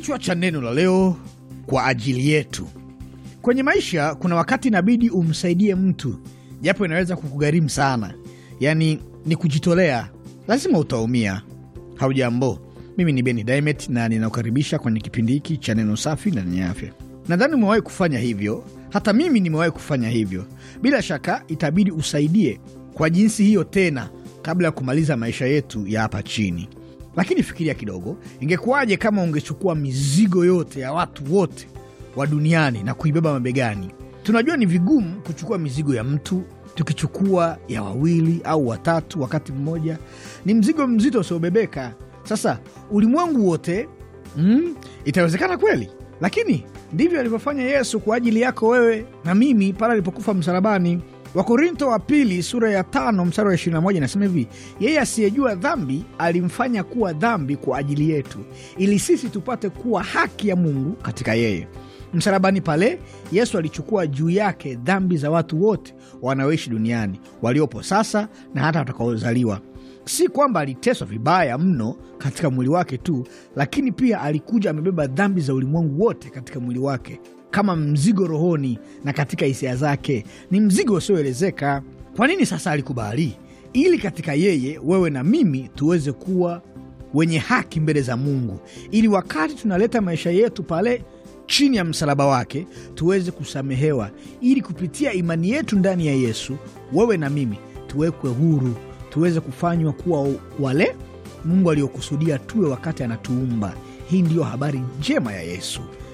Kichwa cha neno la leo: kwa ajili yetu. Kwenye maisha kuna wakati inabidi umsaidie mtu, japo inaweza kukugharimu sana. Yaani ni kujitolea, lazima utaumia. Haujambo, mimi ni Beni Dimet na ninakukaribisha kwenye kipindi hiki cha neno safi na lenye afya. Nadhani umewahi kufanya hivyo, hata mimi nimewahi kufanya hivyo. Bila shaka itabidi usaidie kwa jinsi hiyo tena, kabla ya kumaliza maisha yetu ya hapa chini. Lakini fikiria kidogo, ingekuwaje kama ungechukua mizigo yote ya watu wote wa duniani na kuibeba mabegani? Tunajua ni vigumu kuchukua mizigo ya mtu, tukichukua ya wawili au watatu wakati mmoja ni mzigo mzito usiobebeka. Sasa ulimwengu wote mm, itawezekana kweli? Lakini ndivyo alivyofanya Yesu kwa ajili yako wewe na mimi pale alipokufa msalabani. Wakorinto wa pili sura ya tano mstari wa 21 inasema hivi, yeye asiyejua dhambi alimfanya kuwa dhambi kwa ajili yetu, ili sisi tupate kuwa haki ya Mungu katika yeye. Msalabani pale Yesu alichukua juu yake dhambi za watu wote wanaoishi duniani, waliopo sasa na hata watakaozaliwa. Si kwamba aliteswa vibaya mno katika mwili wake tu, lakini pia alikuja amebeba dhambi za ulimwengu wote katika mwili wake kama mzigo rohoni na katika hisia zake, ni mzigo usioelezeka. Kwa nini sasa alikubali? Ili katika yeye, wewe na mimi tuweze kuwa wenye haki mbele za Mungu, ili wakati tunaleta maisha yetu pale chini ya msalaba wake tuweze kusamehewa, ili kupitia imani yetu ndani ya Yesu, wewe na mimi tuwekwe huru, tuweze kufanywa kuwa wale Mungu aliyokusudia tuwe wakati anatuumba. Hii ndiyo habari njema ya Yesu